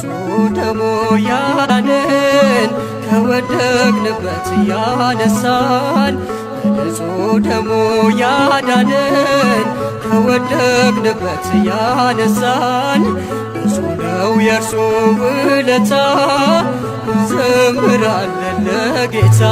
ፍጹም ደሞ ያዳነን ከወደቅንበት ያነሳን በንጹሕ ደሙ ያዳነን ከወደቅንበት ያነሳን ብዙ ነው የእርሱ ውለታ እንዘምራለን ለጌታ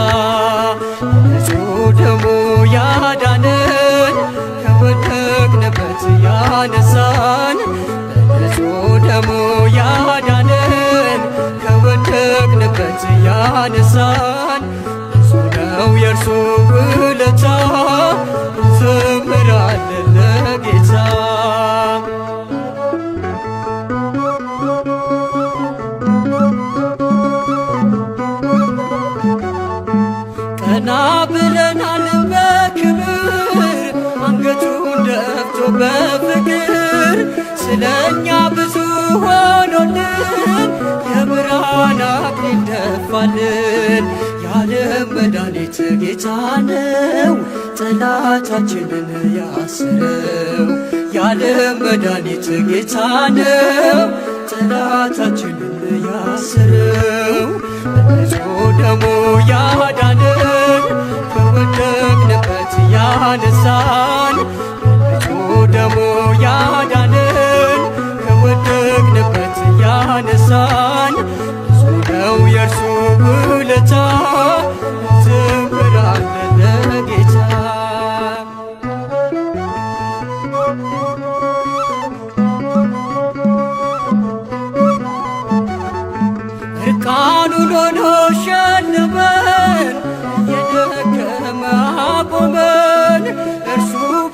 ቀና ብለናል በክብር አንገቱን ደፍቶ በፍቅር ስለኛ ብዙ ሆኖልን የብርሃን አክሊል ደፋልን። የዓለም መድኃኒት ጌታ ነው ጠላታችንን ያስረው። የዓለም መድኃኒት ጌታ ነው ጠላታችንን ያስረው። ቃሉ ሎሎ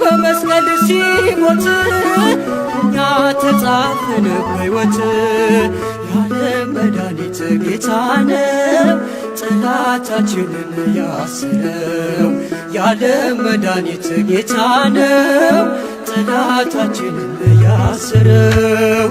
በመስቀል ሲሞት እኛ ተጻፍን በሕይወት ያለ መድኃኒት ጠላታችንን ያስረው ያለ መድኃኒት ጌታነው ጠላታችንን ያስረው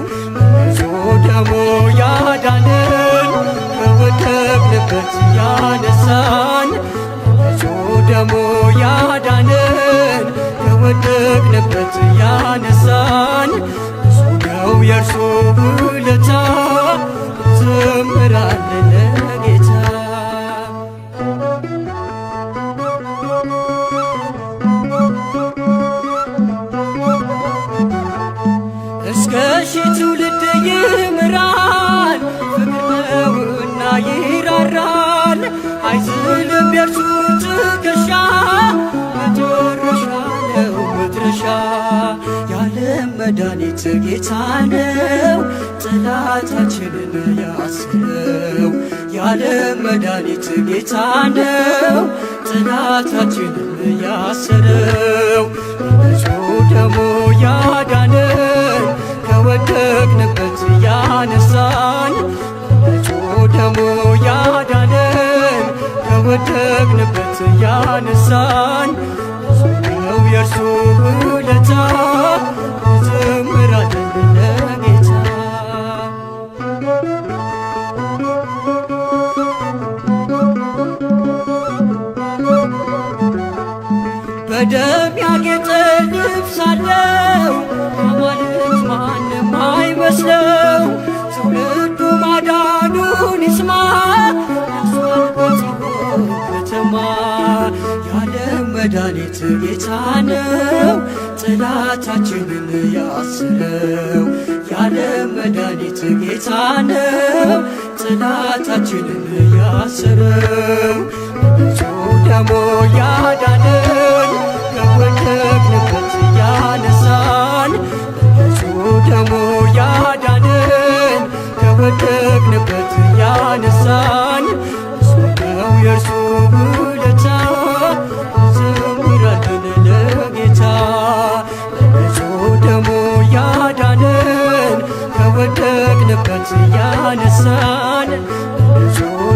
መድኃኒት ጌታ ነው። ጠላታችንን ያስረው የዓለም መድኃኒት ጌታ ነው። ጠላታችንን ያስረው በንጹሕ ደሙ ያዳነን ከወደቅንበት ያነሳን በንጹሕ ደሙ ያዳነን ከወደቅንበት ያነሳን በደም ያጌጠ ልብስ አለው ማለት ማንም አይመስለው ትውልዱ ማዳኑን ይስማ ከተማ የዓለም መድኃኒት ጌታ ነው ጠላታችንን ያስረው የዓለም መድኃኒት ጌታ ነው ጠላታችንን ያስረው ደሞ ያ